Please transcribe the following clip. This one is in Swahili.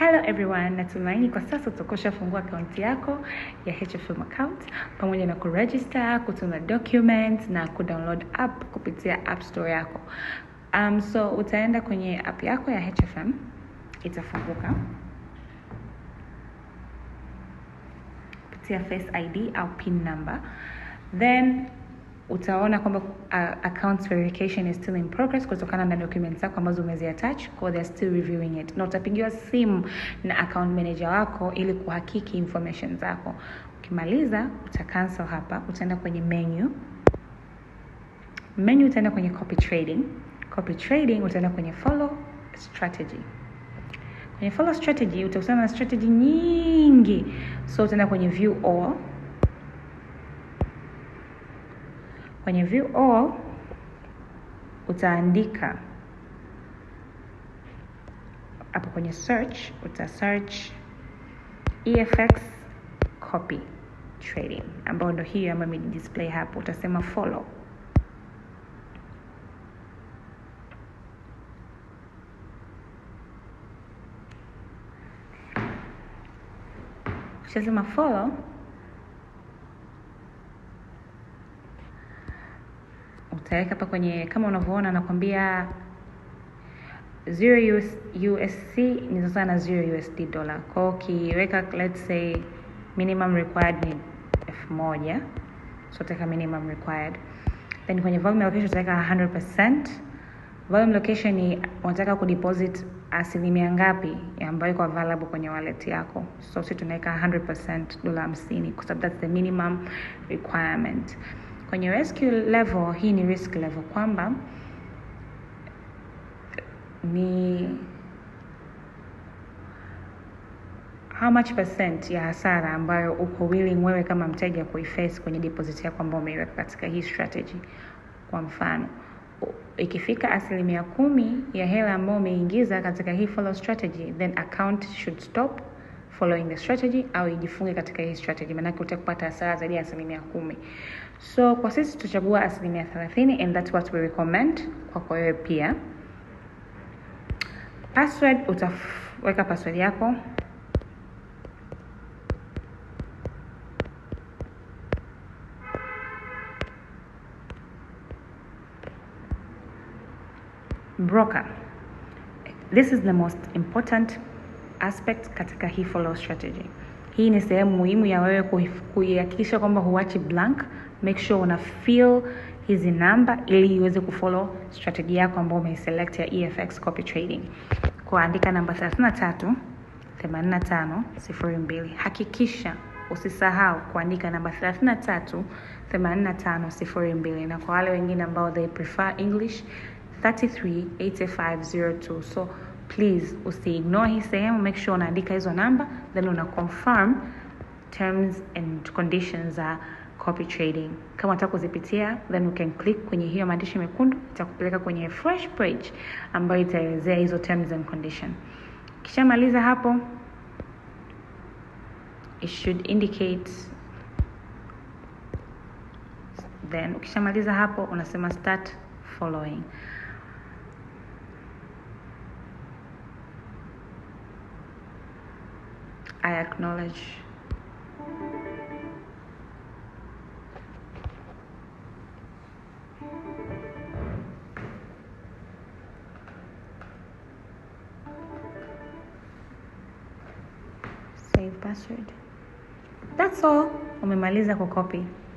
Hello everyone, natumaini kwa sasa utakosha fungua akaunti yako ya HFM account pamoja na kuregister, kutuma document na kudownload app kupitia app store yako. Um, so utaenda kwenye app yako ya HFM itafunguka kupitia Face ID au PIN number then utaona kwamba uh, account verification is still in progress kutokana na documents zako ambazo umeziattach kwa they are still reviewing it na utapigiwa simu na account manager wako ili kuhakiki information zako ukimaliza uta cancel hapa utaenda kwenye menu menu utaenda kwenye copy trading copy trading utaenda kwenye follow strategy kwenye follow strategy utakutana na strategy nyingi so utaenda kwenye view all kwenye view all utaandika hapo kwenye search uta search EFX copy trading ambayo ndo hiyo ambayo display hapo, utasema follow. Ushasema follow nitaweka hapa kwenye kama unavyoona nakwambia 0 US, USC ni sasa na 0 USD dollar. Kwa hiyo ukiweka let's say minimum required ni 1000. So utaweka minimum required. Then kwenye volume allocation utaweka 100%. Volume location ni unataka kudeposit asilimia ngapi ambayo iko available kwenye wallet yako. So sisi tunaweka 100% dola 50 kwa sababu that's the minimum requirement. Kwenye rescue level, hii ni risk level kwamba ni how much percent ya hasara ambayo uko willing wewe kama mteja kuiface kwenye deposit yako ambayo umeiweka katika hii strategy. Kwa mfano, ikifika asilimia kumi ya hela ambayo umeingiza katika hii follow strategy, then account should stop following the strategy au ijifunge katika hii strategy, maanake utakupata hasara zaidi ya asilimia kumi. So kwa sisi tutachagua asilimia thelathini and that's what we recommend kwa wewe pia. Password, utaweka password yako broker. This is the most important aspect katika hii follow strategy. Hii ni sehemu muhimu ya wewe kuihakikisha kwamba huachi blank, make sure una fill hizi namba ili iweze kufollow strategy yako ambayo umeiselect ya EFX copy trading. kuandika namba 33 8502 Hakikisha usisahau kuandika namba 33 85 na kwa wale wengine ambao they prefer English 338502 So please usiignore hii sehemu make sure unaandika hizo namba then una confirm terms and conditions za copy trading kama unataka kuzipitia then you can click kwenye hiyo maandishi mekundu itakupeleka kwenye fresh page ambayo itaelezea hizo terms and condition kishamaliza hapo it should indicate then ukishamaliza hapo unasema start following I acknowledge. Save password. That's all. Umemaliza copy.